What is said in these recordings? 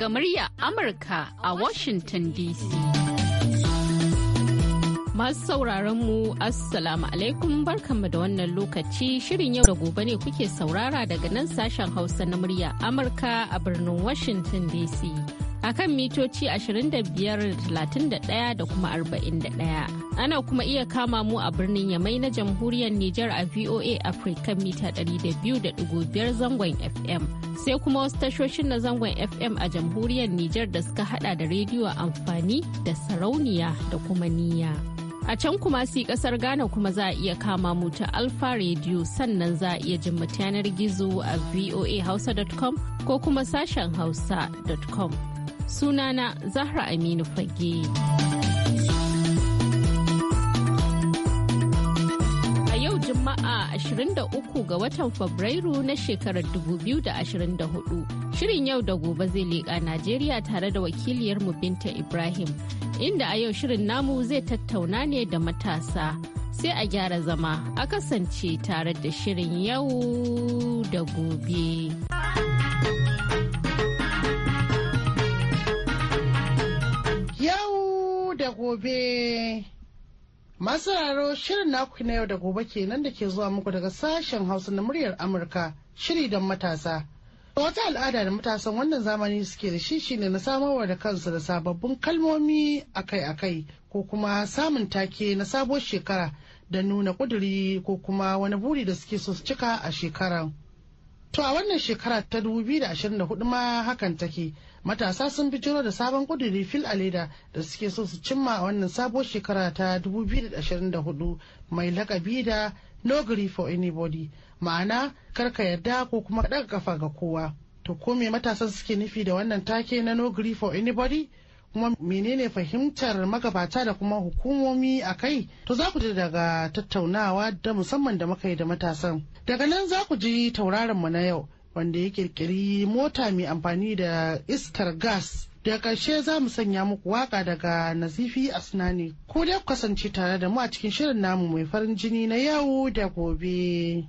daga murya Amurka a Washington DC. Masu sauraron mu Assalamu alaikum barkanmu da wannan lokaci shirin yau da gobe ne kuke saurara daga nan sashen Hausa na murya Amurka a birnin Washington DC. akan mitoci 25, 31 da kuma 41. Ana kuma iya kama mu a birnin Yamai na jamhuriyar Nijar a VOA Africa mita 200.5 zangon FM. Sai kuma wasu tashoshin na zangon FM a jamhuriyar Nijar da suka hada da rediyo amfani da sarauniya da kuma niya A can kuma si kasar Ghana kuma za a iya kama mu ta Alfa rediyo sannan za a iya jin mu yanar gizo a voahausa.com ko kuma sashen hausa.com. Sunana Zahra Aminu Fage. 23 ga watan Fabrairu na shekarar 2024. Shirin yau da gobe zai leƙa Najeriya tare da wakiliyarmu Binta Ibrahim, inda a yau shirin namu zai tattauna ne da matasa. Sai a gyara zama a kasance tare da shirin yau da gobe. Yau da gobe. Masu raro shirin naku na yau da gobe kenan da ke zuwa muku daga sashen Hausa na muryar Amurka shiri don matasa. Wata al'ada da matasan wannan zamani suke da shi shine na samarwa da kansu da sababbin kalmomi akai-akai ko kuma samun take na sabuwar shekara da nuna kuduri ko kuma wani buri da suke so su cika a shekaran. To a wannan shekara ta 2024 ma hakan take matasa sun bijiro da sabon kuduri fil leda da suke so su cimma a wannan sabon shekara ta 2024 mai lakabi da no gree for anybody ma'ana karka yarda ko kuma ɗaga kafa ga kowa. To ko me matasan suke nufi da wannan take na no gree for anybody? kuma menene fahimtar magabata da kuma hukumomi a kai to za ku ji daga tattaunawa da musamman da muka yi da matasan Daga nan za ku ji tauraron mu na yau wanda ya kirkiri mota mai amfani da iskar gas. Da ƙarshe za mu sanya muku waka daga Nazifi a Asnani. Ku dai kasance tare da mu a cikin shirin namu mai farin jini na yau da gobe.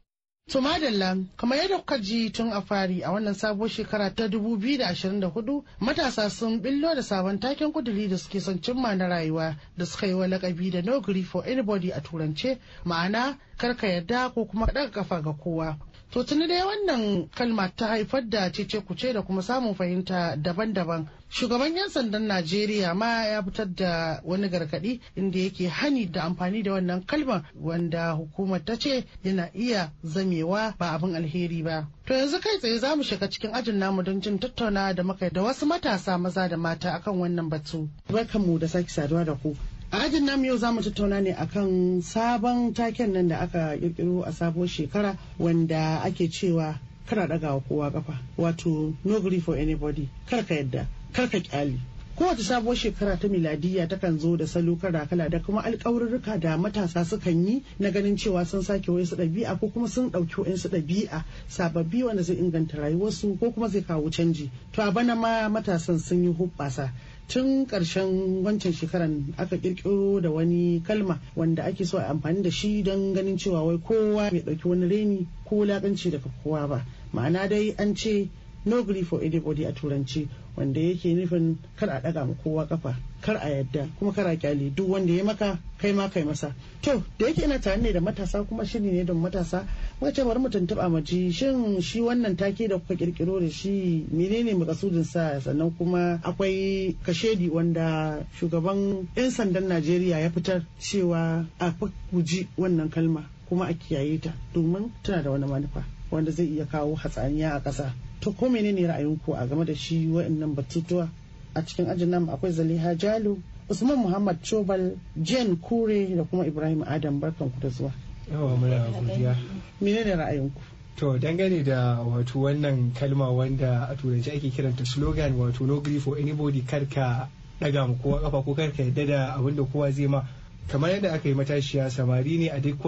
To madalla kamar yadda kuka ji tun a fari a wannan sabuwar shekara ta 2024 matasa sun billo da sabon taken kuduri da suke son cimma na rayuwa da suka yi wa lakabi da no grief for anybody a turance ma'ana karka yarda ko kuma ɗaga kafa ga kowa. To tuni dai wannan kalma ta haifar da cece kuce da kuma samun fahimta daban-daban Shugaban 'yan sandan Najeriya ma ya fitar da wani gargaɗi inda yake hani da amfani da wannan kalmar wanda hukumar ta ce yana iya zamewa ba abin alheri ba. To yanzu kai tsaye za mu shiga cikin ajin namu don jin tattauna da muka da wasu matasa maza da mata akan wannan batu. Barkanmu da sake saduwa da ku. A ajin namu yau za mu tattauna ne akan sabon taken nan da aka kirkiro a sabon shekara wanda ake cewa kana ɗaga kowa kafa wato no gree for anybody kar ka yadda kar ka kyale kowace sabuwar shekara ta miladiyya takan zo da salo kala kala da kuma alƙawarurruka da matasa sukan yi na ganin cewa sun sake su ɗabi'a ko kuma sun ɗauki wayansu ɗabi'a sababbi wanda zai inganta rayuwarsu ko kuma zai kawo canji to a bana ma matasan sun yi hubbasa tun ƙarshen wancan shekaran aka kirkiro da wani kalma wanda ake so a amfani da shi don ganin cewa wai kowa bai ɗauki wani reni ko laƙanci daga kowa ba ma'ana dai an ce no grief for anybody a turanci wanda yake nufin kar a daga ma kowa kafa kar a yadda kuma kar a kyale duk wanda ya maka kai ma kai masa to da yake ina tare ne da matasa kuma shiri ne don matasa muka ce bari mu tuntuba mu ji shin shi wannan take da kuka kirkiro da shi menene makasudin sa sannan kuma akwai kashedi wanda shugaban yan sandan Najeriya ya fitar cewa a guji wannan kalma kuma a kiyaye ta domin tana da wani manufa wanda zai iya kawo hatsaniya a ƙasa to ko menene ra'ayinku a game da shi wa'annan batutuwa a cikin ajin namu akwai zaliha jalu usman muhammad chobal jen kure da kuma ibrahim adam ku da zuwa yawa muna godiya menene ra'ayinku To dangane da wato wannan kalma wanda a turanci ake kiranta slogan wato no grief for anybody karka daga mu kowa kafa ko karka yadda da abin da kowa zai ma kamar yadda aka yi matashiya samari ne a duk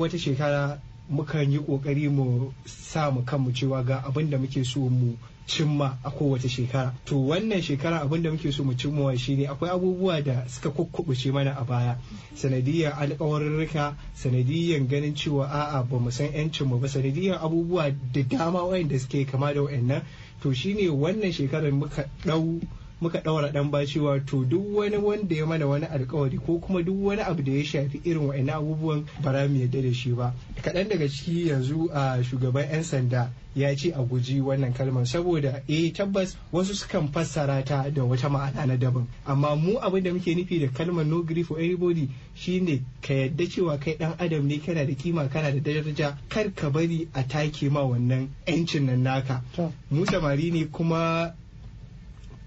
wata shekara mukan yi kokari mu sa mu kanmu cewa ga abin da muke so mu cimma a kowace shekara to wannan shekara abin da muke so mu cimmawa shine akwai abubuwa da suka kukkubuce mana a baya sanadiyar alkawarurruka sanadiyar ganin cewa a'a ba mu san yancin mu ba sanadiyar abubuwa da dama wayanda suke kama da wayannan to shine wannan shekarar muka dau muka ɗaura ɗan bashi wato duk wani wanda ya mana wani alkawari ko kuma duk wani abu da ya shafi irin wa'ina abubuwan bara mu yadda da shi ba kaɗan daga ciki yanzu a shugaban 'yan sanda ya ce a guji wannan kalmar saboda eh tabbas wasu sukan fassara ta da wata ma'ana na daban amma mu abin da muke nufi da kalmar no grief for everybody shine ka yadda cewa kai ɗan adam ne kana da kima kana da daraja kar ka bari a take ma wannan yancin nan naka mu samari ne kuma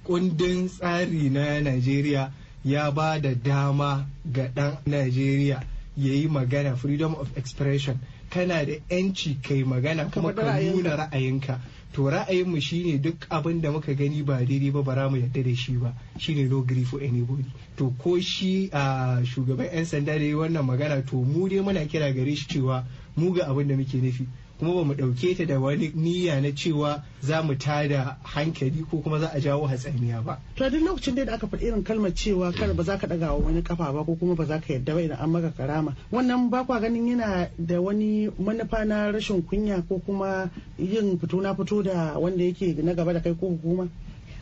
kundin tsari na Najeriya ya ba da dama ga ɗan Najeriya ya yi magana freedom of expression kana da 'yanci kai magana kuma ka nuna ra'ayinka to ra'ayinmu shine duk abin da muka gani ba daidai ba bara mu yadda da shi ba shine no grief for anybody to ko shi a shugaban 'yan sanda da yi wannan magana to mu dai muna kira gare shi cewa mu ga abin da muke nufi kuma ba mu ɗauke ta da wani niyya na cewa za mu tada hankali ko kuma za a jawo hatsaniya ba. To duk lokacin da aka faɗi irin kalmar cewa kar ba za ka ɗaga wa wani kafa ba ko kuma ba za ka yarda ba idan an maka karama wannan ba kwa ganin yana da wani manufa na rashin kunya ko kuma yin fito na fito da wanda yake na gaba da kai ko hukuma.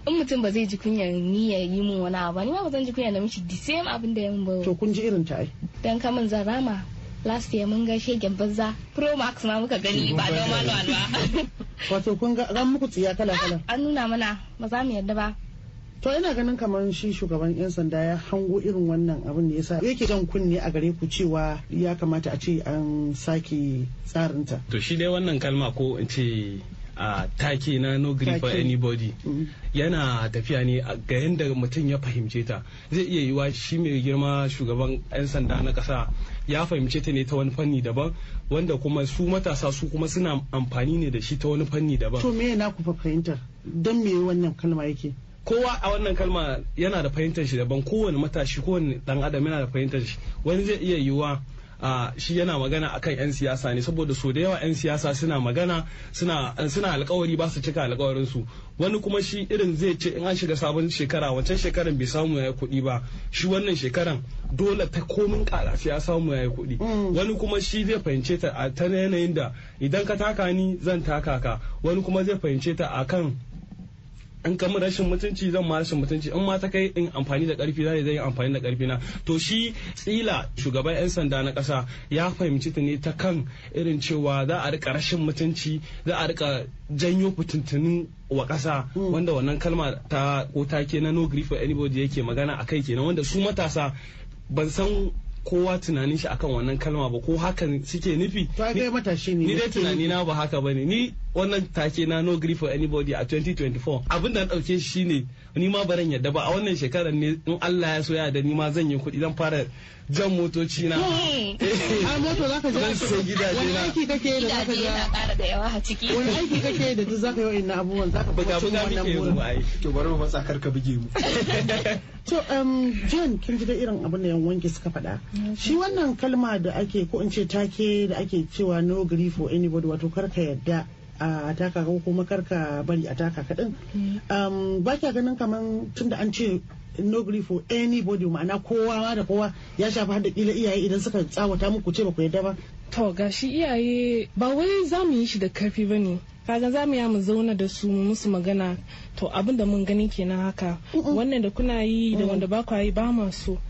in mutum ba zai ji kunyar ni ya yi min wani abu ni ma ba zan ji kunyar na mishi the same abin da ya min ba to kun ji irin ta ai dan kaman zarama last year mun ga shegen banza pro max ma muka gani ba don manual ba wato kun ga ran muku tsiya kala kala ah, an nuna mana ba za mu yarda ba to ina ganin kamar shi shugaban yan sanda ya hango irin wannan abin da yasa yake jan kunne a gare ku cewa ya kamata a ce an sake tsarinta to shi dai wannan kalma ko in ce a take na no grief for anybody mm-hmm. yana tafiya ne ga yadda mutum ya fahimce ta zai iya yiwa shi mai girma shugaban 'yan sanda na kasa ya fahimce ta ne ta wani fanni daban wanda kuma su matasa su kuma suna amfani ne da shi ta wani fanni daban to me na ku fahimtar don me wannan kalma yake kowa a wannan kalma yana da fahimtar shi daban kowane matashi kowane dan adam yana da fahimtar shi wani zai iya yiwuwa shi yana magana akan 'yan siyasa ne saboda so da yawa 'yan siyasa suna magana suna alkawari ba su cika alkawarin su wani kuma shi irin zai ce in an shiga sabon shekara wancan shekaran bai samu ya kuɗi ba shi wannan shekaran dole ta komin kara ya samu ya kuɗi mm. wani kuma shi zai fahimce ta a ta yanayin da idan ka taka ni zan taka ka wani kuma zai fahimce ta akan in kama rashin mutunci zan ma rashin mutunci in ma ta kai in amfani da karfi zai zai yi amfani da karfi na to shi tsila shugaban yan sanda na kasa ya fahimci ta ne ta kan irin cewa za a rika rashin mutunci za a rika janyo fitintinin wa kasa hmm. wanda wannan kalma ta ko take na no grief for anybody yake magana a akai kenan wanda su matasa ban san kowa tunanin shi akan wannan kalma ba ko hakan suke nufi ni dai tunani ba haka bane ni wannan take na no grief for anybody a 2024 abin da na dauke shi ne ni ma baran yadda ba a wannan shekarar ne in Allah ya so ya da ni ma zan yi kuɗi zan fara jan motoci na hmm. eh. a moto zaka je wani aiki kake da zaka na da yawa a ciki wani aiki kake da duk zaka yi wa'annan abubuwan zaka buga buga muke mu ai to bari mu matsa kar ka buge mu to um Jane kin ji da irin abin da yan wanki suka faɗa shi wannan kalma da ake ko in ce take da ake cewa no grief for anybody wato kar ka yadda a taka ko kuma karka bari a taka kaɗin mm. um, ba kya ganin kaman da an ce no grief for anybody ma'ana kowa ma da kowa ya shafi har da kila iyaye idan suka tsawata muku ce ba ku yadda ba to gashi iyaye ba wai za mu yi shi da karfi ba ne kaga za mu ya mu zauna da su mu musu magana to abin da mun gani kenan haka wannan da kuna yi da mm. wanda ba ku yi ba ma so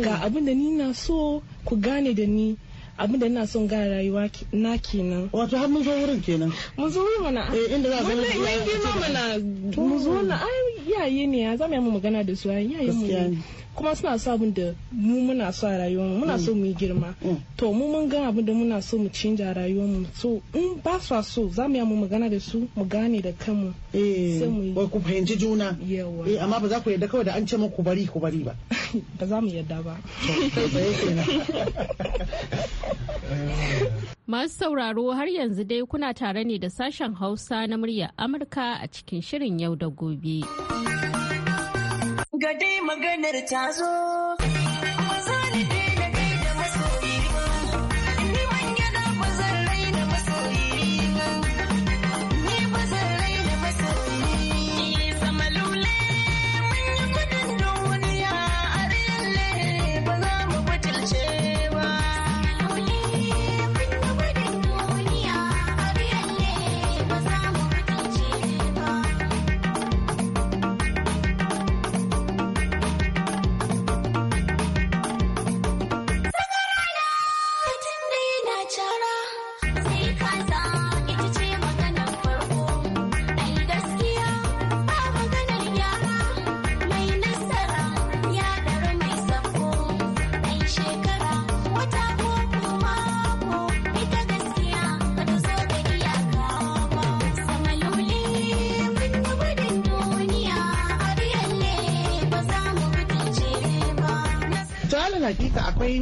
ga abin da ni na so ku gane da ni abin da ina son gara rayuwa na kenan wato har mun zo wurin kenan mun zo wurin mana eh inda za ka mun yi mana mun zo na ai iyaye ne ya zama mu magana da su ai iyaye mu kuma suna sa abin da mu muna so a rayuwar mu muna so mm. mu yi girma mm. to mu mun gan abin da muna so mu canja rayuwa mu so in ba su so za mu yi mu magana da su mu gane da kanmu eh, sai mu yi ku fahimci juna yawa eh amma ba za ku yarda kawai da an ce muku bari ku bari ba ba za mu yarda ba Masu sauraro har yanzu dai kuna tare ne da sashen Hausa na murya Amurka a cikin shirin yau da gobe. ga dai maganar ta zo.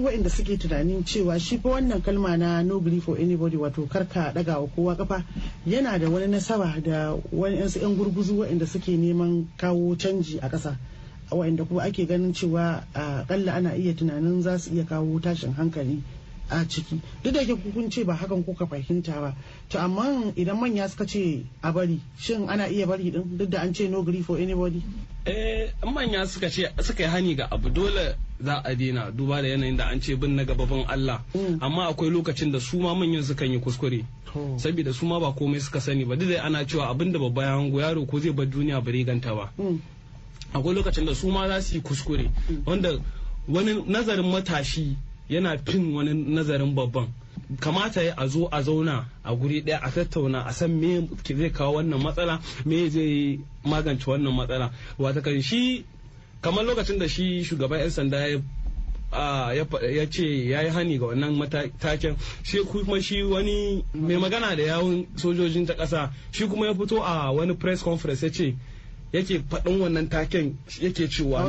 waɗanda suke tunanin cewa shi fa wannan kalma na no belief for anybody wato karka daga wa kowa kafa yana da wani nasaba da wani yan gurguzu waɗanda suke neman kawo canji a ƙasa waɗanda kuma ake ganin cewa ƙalla ana iya tunanin za su iya kawo tashin hankali a ciki duk da ke kun ce ba hakan kuka fahimta ba to amma idan manya suka ce a bari shin ana iya bari din duk da an ce no belief for anybody eh manya suka ce suka yi hani ga abu dole za a daina duba da yanayin da an ce bin na gababan Allah mm. amma akwai lokacin da su ma manyan sukan yi kuskure saboda su ma ba komai suka sani ba dai ana cewa abin da babba ya hango yaro ko zai bar duniya ba riganta ba mm. akwai lokacin da su ma za su yi kuskure mm. wanda wani nazarin matashi yana fin wani nazarin babban kamata ya a zo a zauna a guri ɗaya a tattauna a san me zai kawo wannan matsala me zai magance wannan matsala wata kan shi kamar lokacin da shi shugaban 'yan sanda ya ya ce ya yi hani ga wannan mataken shi kuma shi wani mai magana da yawun sojojin ta ƙasa shi kuma ya fito a wani press conference ya ce yake faɗin wannan taken yake cewa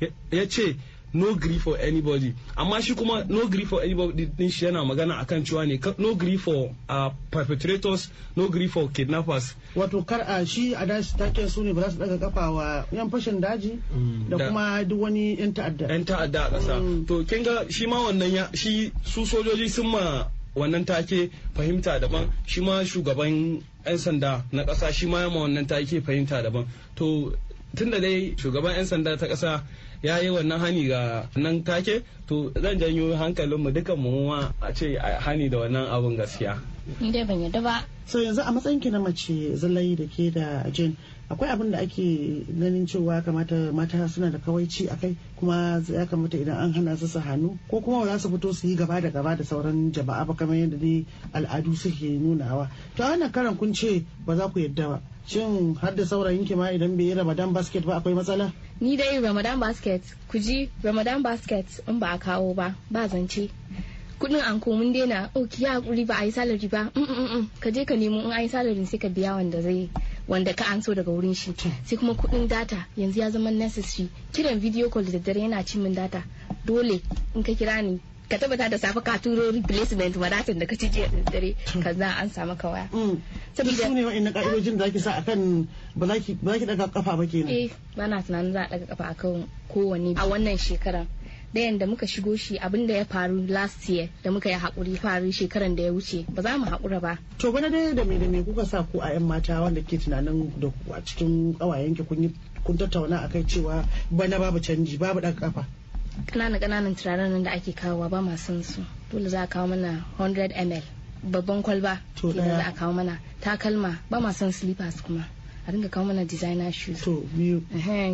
eh, ya ce no gree for anybody amma shi kuma no gree for anybody din shi yana magana akan cewa ne no gree for uh, perpetrators no gree for kidnappers wato kar a uh, shi a dashi take su ne ba za su daga kafa wa yan fashin daji mm, da kuma duk wani yan ta'adda yan ta'adda a kasa mm. to kin ga shi ma wannan shi su sojoji sun ma wannan take fahimta daban shi ma shugaban 'yan sanda na kasa shi ma yamma wannan take fahimta daban to tun da dai shugaban 'yan sanda ta kasa. ya yi wannan hani ga nan take to zan janyo hankalinmu dukan mu a ce hani da wannan abun gaskiya ni dai ban yadda ba so yanzu a matsayin ki na mace zalayi da ke da jin akwai abin da ake ganin cewa kamata mata suna da kawaici a kai kuma ya kamata idan an hana su su hannu ko kuma ba za su fito su yi gaba da gaba da sauran jama'a ba kamar yadda dai al'adu suke nunawa to a wannan karan kun ce ba za ku yadda ba shin har da saurayin ki ma idan bai yi ramadan basket ba akwai matsala ni dai ramadan basket ku ji ramadan basket in ba a kawo ba ba zance kudin anko mun daina oh ya hakuri ba a yi salari ba mm, mm, mm, ka je ka nemo in a yi salari sai ka biya wanda zai wanda ka an so daga wurin shi sai kuma kudin data yanzu ya zama necessary kiran video call da dare yana cin min data dole in ka kira ni ka tabbata da safe ka turo replacement ma datin da ka ci jiya dare ka za an samu ka waya. Saboda su ne wa'in ka'idojin da ake sa akan ba za ki daga kafa ba kenan. Eh ba na tunanin za a daga kafa akan kowanne a wannan shekaran. ɗayan da muka shigo shi abin da ya faru last year da muka yi haƙuri faru shekaran da ya wuce ba za mu haƙura ba. To bana dai da me da me kuka sa ku a 'yan mata wanda ke tunanin da a cikin ƙawayen ki kun yi kun tattauna cewa bana babu canji babu ɗan ƙafa. Ƙananan ƙananan turaren nan da ake kawowa ba ma son su dole za a kawo mana 100 ml babban kwalba ke da za a kawo mana takalma ba ma son slippers kuma. a ringa kawo mana designer shoes to biyu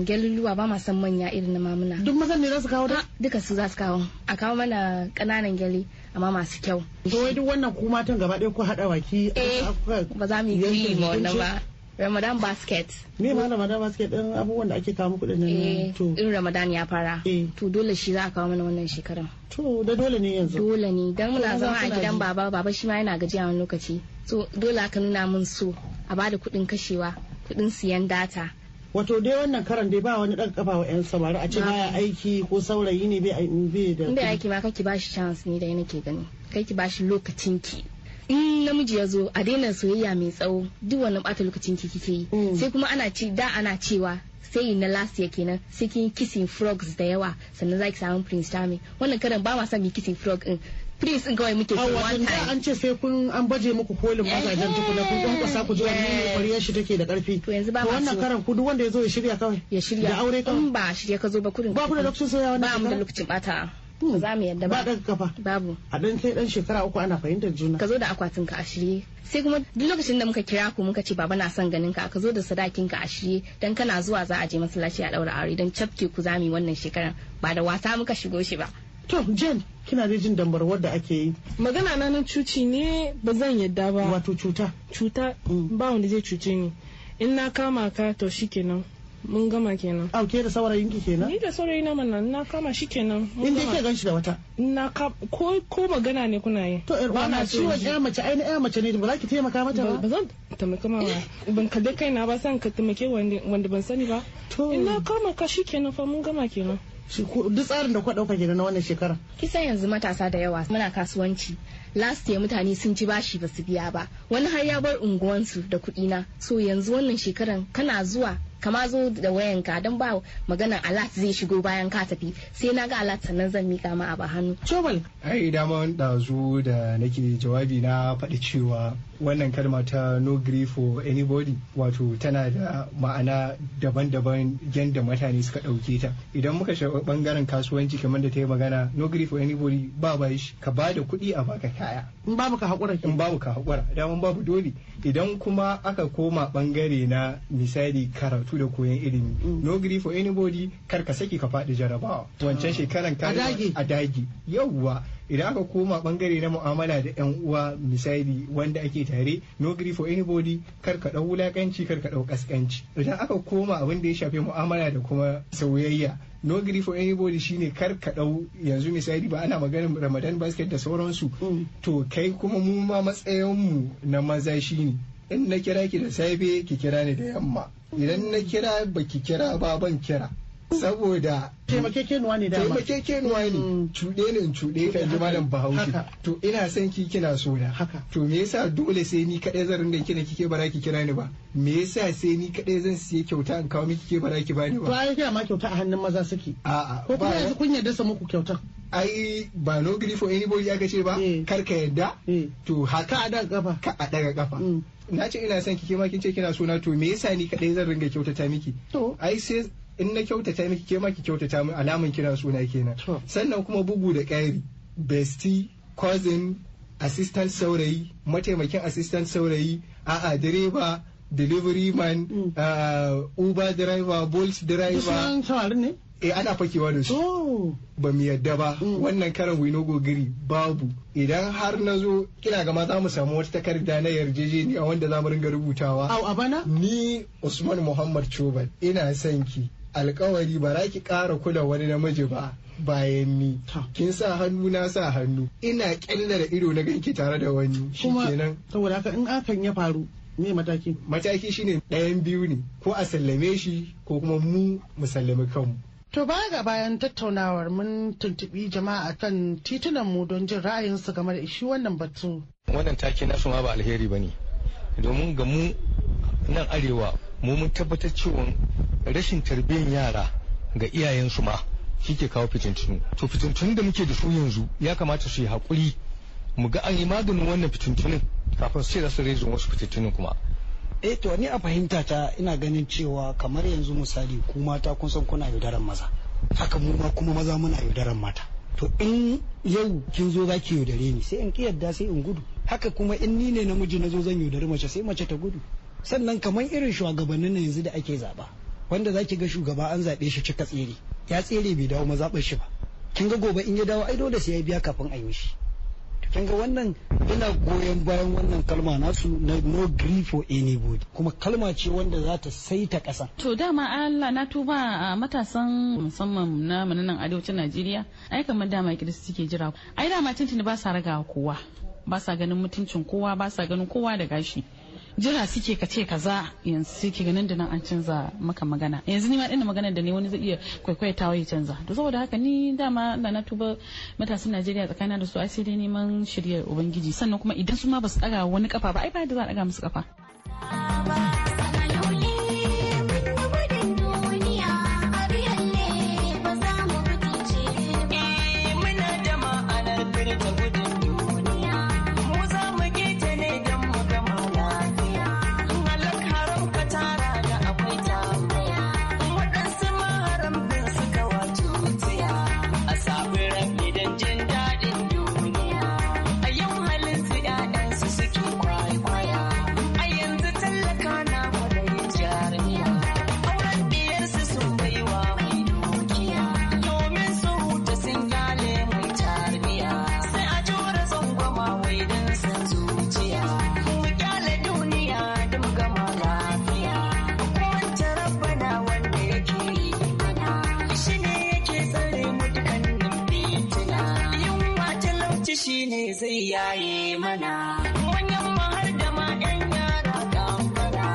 galiluwa ba ma san manya irin na mamuna duk mazan ne za su kawo da ah, duka su za su kawo a kawo mana kananan gyali amma masu kyau to wai duk wannan ku matan gaba ɗaya ku haɗa waki eh, ah, ba za mu yi wannan ba Ramadan basket. Me ma Ramadan basket din abubuwan da ake kawo kuɗin din nan eh, to. In Ramadan ya fara. Eh. To dole shi za a kawo mana wannan shekaran. To da dole ne yanzu. Dole ne dan muna zama a gidan baba baba shi ma yana gajiya wani lokaci. So dole aka nuna mun so a bada kuɗin kashewa kuɗin siyan data. wato dai wannan karan dai ba wani dan kafa wa yan samari a ce baya aiki ko saurayi ne bai bai da bai aiki ma kake bashi chance ne da nake gani kai ki bashi lokacin ki in namiji ya zo a daina soyayya mai tsawo duk wannan bata lokacin ki kike yi mm. sai kuma ana ce da ana cewa sai na last year kenan sai kin kissing frogs da yawa sannan zaki samu prince charming wannan karan ba ma son kissing frog din prince in kawai muke kai one time an ce sai kun an baje muku kolin mazajen tukuna kun kun kasa ku ji ne ne kwariyar shi take da karfi to yanzu ba wannan karan ku duk wanda yazo ya shirya kawai ya shirya da aure kawai Ba ba shirya ka zo ba kudin ba ku da lokacin sai wannan ba mu da lokacin bata hmm. za mu yadda ba daga kafa babu a dan sai dan shekara uku ana fahimtar juna ka zo da akwatin ka a shirye sai kuma duk lokacin da muka kira ku muka ce baba na son ganin ka ka zo da sadakin ka a shirye dan kana zuwa za a je masallaci a daura aure dan cafke ku zamu wannan shekaran ba da wasa muka shigo shi ba to jane kina da jin dambarwar da ake yi magana na nan cuci ne ba zan yadda ba wato cuta cuta mm. ba wanda zai cuce ni in na kama ka to shikenan mun gama kenan a ke da saurayi ki kenan ni da saurayi na mana na kama shi kenan in dai ke ganshi da wata na ka ko ko magana ne kuna yi to er wana wa ya mace ai na ya mace ne ba za ki taimaka mata ba ba zan taimaka ma ban ka dai kaina ba san ka taimake wanda ban sani ba to in na kama ka shi kenan fa mun gama kenan duk tsarin da kuka dauka kenan na wannan shekara kisan yanzu matasa da yawa muna kasuwanci last year mutane sun ci bashi ba su biya ba wani har ya bar unguwansu da kuɗi na so yanzu wannan shekaran kana zuwa kama zo da wayanka don ba magana alat zai shigo bayan ka tafi sai na ga alat sannan zan mika ma a hannu. Chobal. Ai daman zo da nake jawabi na faɗi cewa wannan kalma ta no grief for anybody wato tana da ma'ana daban-daban yadda mutane suka ɗauke ta. Idan muka shiga ɓangaren kasuwanci kamar da ta yi magana no grief for anybody ba ba shi ka ba da kuɗi a baka kaya. In babu ka haƙura. In babu ka haƙura dama babu dole. Idan kuma aka koma ɓangare na misali karatu karatu da koyon ilimi mm. no grief for anybody kar ka saki ka faɗi jarabawa ah. wancan shekaran ka a dagi yawwa idan aka koma bangare na mu'amala da yan uwa misali wanda ake tare no grief for anybody kar ka dau wulakanci kar ka dau kaskanci idan aka koma abin da ya shafi mu'amala da kuma sauyayya no grief for anybody shine kar ka dau yanzu misali ba ana maganar ramadan basket da sauransu mm. to kai kuma mu ma matsayin mu na maza shi ne. in na kira ki da safe ki kira ni da yamma idan na kira baki kira ba ban kira saboda taimakekenuwa ne dama taimakekenuwa ne mm. cuɗe ne cuɗe kan ji malam bahaushe to ina son ki kina so da to me yasa dole sai ni kaɗai zan rinda kina kike bara ki kira ni ba me yasa sai ni kaɗai zan siye kyauta in kawo miki ke bara ki bani ba to ai ga ma kyauta a hannun maza suke a'a ko kuma yanzu kun yarda su muku kyauta. ai ba no grief for anybody aka ce ba eh. kar ka yarda eh. to haka a daga kafa ka a daga kafa na ce ina son ki ma kin ce kina suna to me yasa ni kadai zan ringa kyautata miki to ai sai in na kyautata miki ke ma ki kyautata min alaman kina suna kenan sannan kuma bugu da ƙari bestie cousin assistant saurayi mataimakin assistant saurayi a'a direba delivery man mm. ah, uber driver bolt driver eh ana fakewa da su oh. ba mu yadda ba mm. wannan karan wino gogiri babu idan har na zo kina ga ma za mu samu wata takarda na yarjejeniya wanda za mu ringa rubutawa au a bana ni Usman Muhammad Chobal ina son ki alkawari ba za ki ƙara kula wani namiji ba bayan ni kin sa hannu na sa hannu ina ƙyalla da ido na ganki tare da wani shikenan saboda haka in akan ya faru me mataki mataki shine ɗayan biyu ne ko a sallame shi ko kuma mu mu sallami kanmu To baya ga bayan tattaunawar mun tuntubi jama'a kan titunan mu don jin ra'ayinsu game da shi wannan batu. Wannan take nasu ma ba alheri ba ne. Domin ga mu nan arewa mu mun tabbatar cewa rashin tarbiyyar yara ga iyayensu ma shi ke kawo fitintunu. To fitintunu da muke da su yanzu ya kamata su yi haƙuri mu ga an yi maganin wannan fitintunun kafin sai da su rezo wasu fitintunun kuma. eh to ni a fahimta ta ina ganin cewa kamar yanzu misali ku mata kun san kuna yaudaran maza haka mu kuma maza muna yaudaran mata to in yau kin zo zaki yaudare ni sai in kiyarda sai in gudu haka kuma in ni ne namiji na zo zan yaudari mace sai mace ta gudu sannan kamar irin shugabannin na yanzu da ake zaba wanda zaki ga shugaba an zaɓe shi cika tsere ya tsere bai dawo mazaɓar shi ba kin ga gobe in ya dawo ai dole sai ya biya kafin a yi mishi kin ga wannan ina goyon bayan wannan kalma nasu na no grief for anybody kuma kalma ce wanda za ta saita kasa. to dama Allah na tuba a matasan musamman na mananan arewacin Najeriya ai kamar dama kiristi suke jira ai dama tuntuni ba sa ragawa kowa ba sa ganin mutuncin kowa ba sa ganin kowa da gashi jira suke ka ce kaza yanzu suke ganin da nan an canza maka magana yanzu ni ma ina magana da ne wani zai iya kwaikwaya ta ya canza to saboda haka ni dama da na tuba matasan Najeriya tsakanin da su ai sai dai neman shiryar ubangiji sannan kuma idan su ma ba su daga wani kafa ba ai ba da za a daga musu kafa. shi ne zai yaye mana. Manyan mahar da ma 'yan yara kamfara.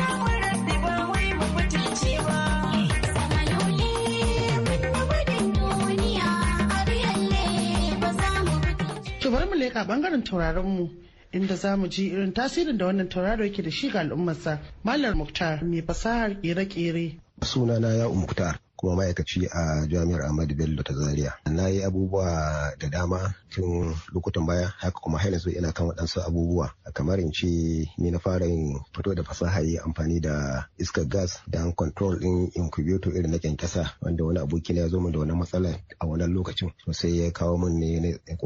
Kamfarar da ba wai mafutulce ba. Samalole wanda gudun duniya a ba za mu To bari mu leƙa ɓangaren tauraron mu. inda za mu ji irin tasirin da wannan tauraro yake da shi ga al'ummarsa malam muktar mai fasahar ƙere-ƙere. kere sunana ya umuktar kuma ma'aikaci a jami'ar Ahmadu Bello ta Zaria. Na yi abubuwa da dama tun lokutan baya haka kuma har yanzu ina kan waɗansu abubuwa A kamar in ce ni na fara yin fito da fasaha yi amfani da iskar gas da control din incubator irin na kyankyasa wanda wani aboki na ya zo min da wani matsala a wannan lokacin sosai ya kawo mun ne na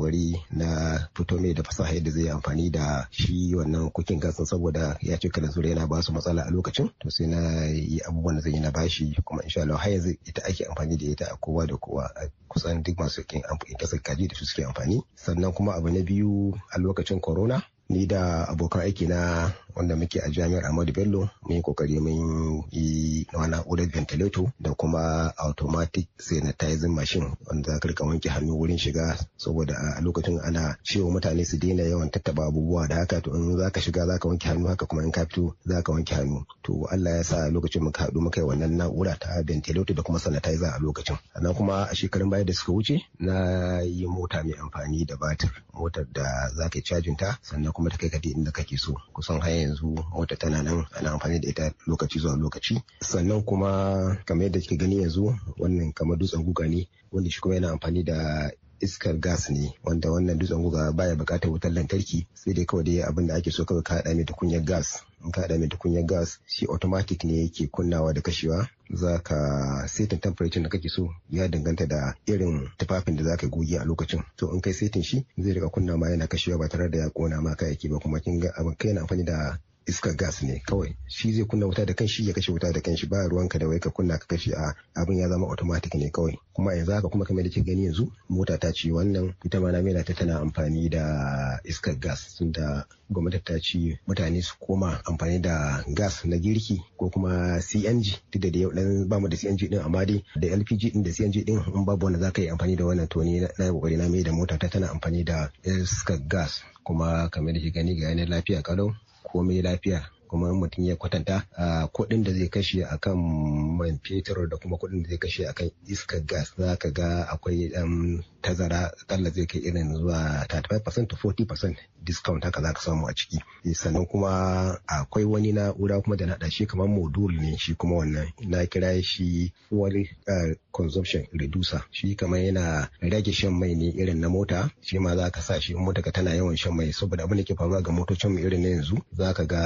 na fito mai da fasaha yadda zai amfani da shi wannan cooking gas saboda ya ce kalan zure yana ba su matsala a lokacin to sai na yi abubuwan da zan yi na bashi kuma insha Allah har yanzu ita ake amfani da ita a kowa da kowa a kusan duk masu kin kasar kaji da su suke amfani sannan kuma abu na biyu a lokacin corona ni da abokan aiki na wanda muke a jami'ar Ahmadu Bello mun yi kokari mun yi wani na'urar ventilator da kuma automatic sanitizing machine wanda za ka wanke hannu wurin shiga saboda a lokacin ana cewa mutane su daina yawan tattaba abubuwa da haka to in za ka shiga za ka wanke hannu haka kuma in ka fito za ka wanke hannu to Allah ya sa lokacin muka haɗu muka yi wannan na'ura ta ventilator da kuma sanitizer a lokacin sannan kuma a shekarun baya da suka wuce na yi mota mai amfani da batir motar da za ka yi cajin ta sannan kuma ta kai ka inda kake so kusan haya yanzu wata tana nan ana amfani da ita lokaci zuwa lokaci sannan kuma kamar yadda kika gani yanzu wannan kamar dutsen guga ne wanda shi kuma yana amfani da iskar gas ne wanda wannan dutsen guga baya bukatar wutar lantarki sai dai kawai dai abin da ake so kawai ka haɗa mai kunyar gas in ka da mai tukunyar gas shi automatic ne yake kunnawa da kashewa za ka setin temperature da kake so ya danganta da irin tufafin da za ka goge a lokacin to in kai setin shi zai rika kunna ma yana kashewa ba tare da ya kona ma kayayyaki ba kuma kin ga abin kai yana amfani da iskar gas ne kawai shi zai kunna wuta da kanshi ya kashe wuta da kanshi ba ruwan ka da wai ka kunna ka kashe a abin ya zama automatic ne kawai kuma yanzu haka kuma kamar da ke gani yanzu mota ta ce wannan ita ma na ta tana amfani da iskar gas tunda gwamnati ta ce mutane su koma amfani da gas na girki ko kuma CNG duk da yau dan mu da CNG din amma dai da LPG din da CNG din in babu wanda zaka yi amfani da wannan to ne na kokari na mai da mota ta tana amfani da iskar gas kuma kamar da ke gani ga yanar lafiya kalau 我没来皮 kuma mutum ya kwatanta kuɗin da zai kashe akan man fetur da kuma kuɗin da zai kashe akan iskar gas za ka ga akwai um, tazara kalla zai kai irin zuwa 35% to 40% discount haka za ka samu a ciki eh, sannan kuma akwai wani na'ura kuma da naɗa shi kamar modul ne shi kuma wannan na kira shi fuel consumption reducer shi kama yana rage shan mai ne irin na mota shi ma za ka sa shi mota ka tana yawan shan mai saboda abin da ke faruwa ga motocin irin na yanzu za ka ga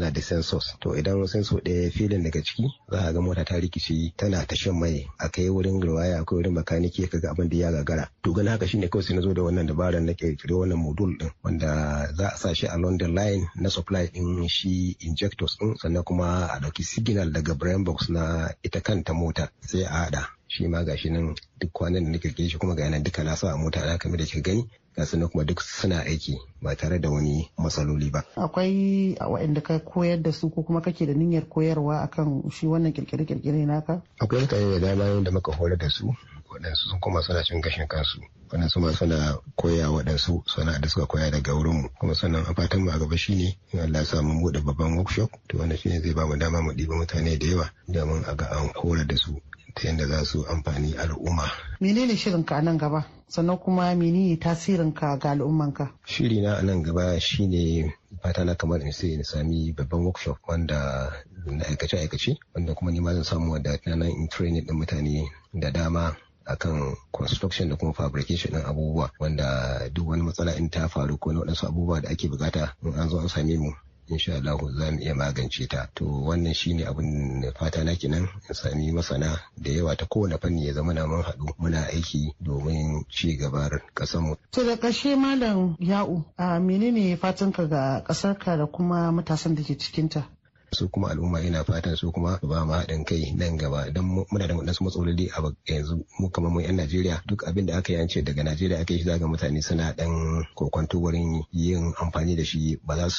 suna da sensors to idan sensor ɗaya filin daga ciki za a ga mota ta rikice tana ta shan mai a kai wurin ruwaya akwai wurin makaniki ka ga abin da ya gagara to ganin haka shine kawai sai na zo da wannan dabarar na kirkiro wannan modul din wanda za a sa shi a London line na supply din shi injectors din sannan kuma a ɗauki signal daga brain box na ita kanta mota sai a haɗa shi ma gashi nan duk kwanan da na kirkire shi kuma ga yanan duka na sa a mota na kamar da kika gani sannan kuma duk suna aiki ba tare da wani matsaloli ba. Akwai waɗanda ka koyar da su ko kuma kake da niyyar koyarwa akan shi wannan kirkire-kirkire naka? Akwai mutane da dama yadda muka horar da su waɗansu sun kuma suna cin gashin kansu waɗansu ma suna koya waɗansu suna da suka koya daga wurin mu kuma sannan a fatan mu a gaba shine in Allah sa mun buɗe babban workshop to wannan shine zai ba mu dama mu ɗiba mutane da yawa domin a ga an horar da su ta yadda za su amfani al'umma. Menene shirin ka nan gaba? Sannan kuma menene tasirin ka ga al'umman ka Shiri na nan gaba shine fata na kamar in sai na sami babban workshop wanda na aikace-aikace wanda kuma ni ma zan samu wadda na in training din mutane da dama akan construction da kuma fabrication din abubuwa wanda duk wani matsala in ta faru ko na waɗansu abubuwa da ake bukata in an zo an same mu insha Allah za mu iya magance ta to wannan shine abin fata na kenan in sami masana da yawa ta kowane fanni ya zama na mun haɗu muna aiki domin ci gabar ƙasar mu to da ƙarshe malam ya'u a menene fatan ga ƙasar ka da kuma matasan da ke cikin ta su kuma al'umma yana fatan su kuma ba mu haɗin kai nan gaba don muna da wadansu matsaloli a yanzu mu kamar mu 'yan Najeriya duk abin da aka yi an ce daga Najeriya aka yi zaga mutane suna ɗan kokwanto wurin yin amfani da shi ba za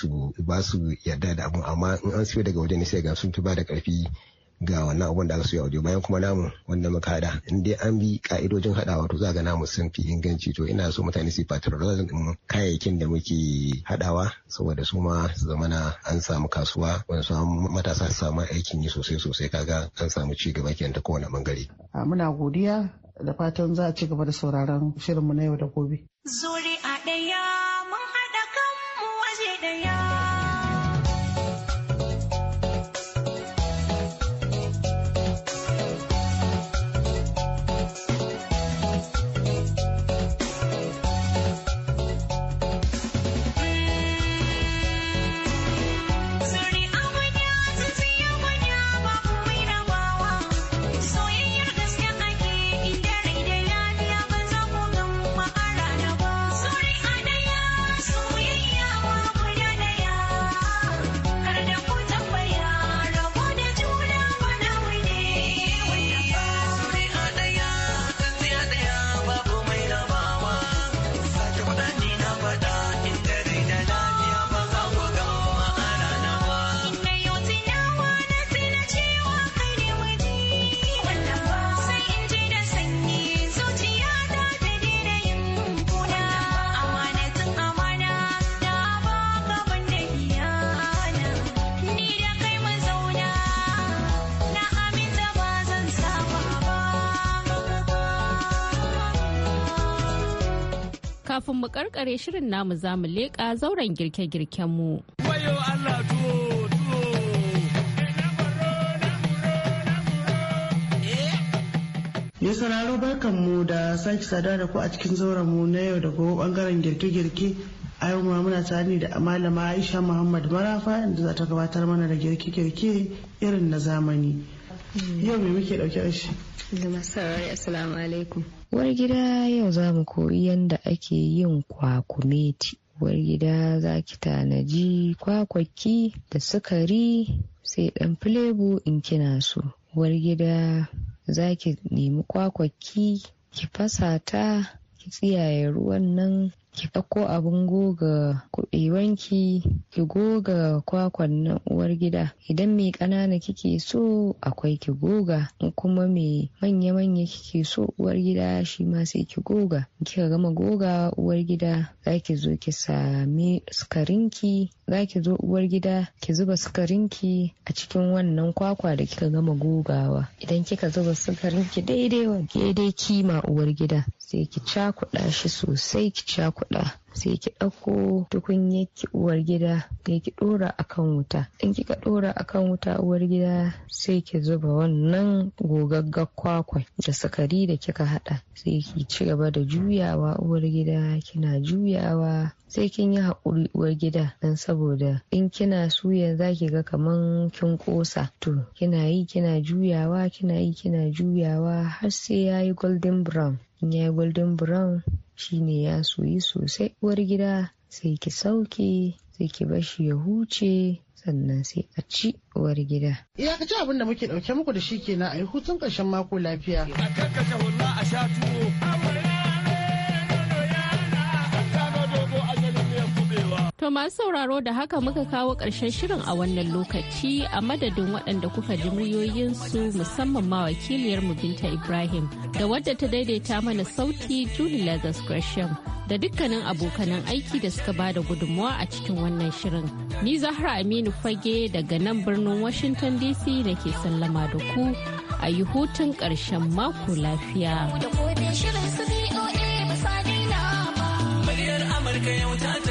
su yarda da abun amma in an siyo daga wajen sai ga sun fi ba da ƙarfi ga wannan abun da aka suya waje bayan kuma namun wanda muka hada in dai an bi ka'idojin hadawa to za ga namu sun fi inganci to ina so mutane su patronizing din kayayyakin da muke hadawa saboda su ma su zamana an samu kasuwa wani su matasa su samu aikin yi sosai sosai kaga an samu ci gaba kenan ta kowane bangare. muna godiya da fatan za a ci gaba da sauraron mu na yau da gobe. Zuri a ɗaya mun haɗa kanmu waje ɗaya. karkare shirin namu zamu leƙa zauren girke-girkenmu. mu Allah Mai eh? sauraro barkan mu da sake sada da ku a cikin zauren mu na yau da gobe bangaren girke-girke a yau ma muna tare da malama Aisha Muhammad Marafa da za ta gabatar mana da girke-girke irin na zamani. Yau me muke dauke da shi? Da masarar assalamu alaikum. Uwar gida yau za mu koyi yadda ake yin kwakumeti. Uwar gida za ki tanaji kwakwaki da sukari sai ɗan filebu in kina su Uwar gida za ki nemi kwakwaki ki fasa ta ki tsiyaye ruwan nan ki ɗauko abin goga kuɓewanki ki goga kwakwan nan uwar gida idan mai ƙanana kike so akwai ki goga kuma mai manya-manya kike so uwar gida shi ma sai ki goga kika gama goga uwar gida za ki zo ki sami sukarinki za ki zo uwar gida ki zuba sukarinki a cikin wannan kwakwa da kika gama gogawa idan kika zuba sukarinki daidai wa, daidai kima uwar gida sai ki cakuɗa shi sosai ki cakuɗa kuɗa sai ki ɗauko tukunyar ki uwar gida sai ki ɗora akan wuta in kika ɗora akan wuta uwar gida sai ki zuba wannan gogagga kwakwai da sakari da kika haɗa sai ki ci gaba da juyawa uwar gida kina juyawa sai kin yi haƙuri uwar gida don saboda in kina suya za ki ga kaman kin ƙosa to kina yi kina juyawa kina yi kina juyawa har sai ya yi golden brown in ya yi golden brown shine ya soyi sosai uwar gida sai ki sauke sai ki bashi ya huce sannan sai a ci uwar gida. ci abin da muke ɗauke muku da shi kenan a yi hutun ƙarshen mako lafiya. A karkashe a sha tuwo. To masu sauraro da haka muka kawo ƙarshen shirin a wannan lokaci a madadin waɗanda kuka ji muryoyinsu musamman ma wakiliyar mu Binta Ibrahim da wadda ta daidaita mana sauti juli Lagos Gresham da dukkanin abokanan aiki da suka ba da gudunmawa a cikin wannan shirin. Ni Zahra Aminu Fage daga nan birnin Washington DC nake sallama da ku a yi hutun ƙarshen mako lafiya. Amurka yau ta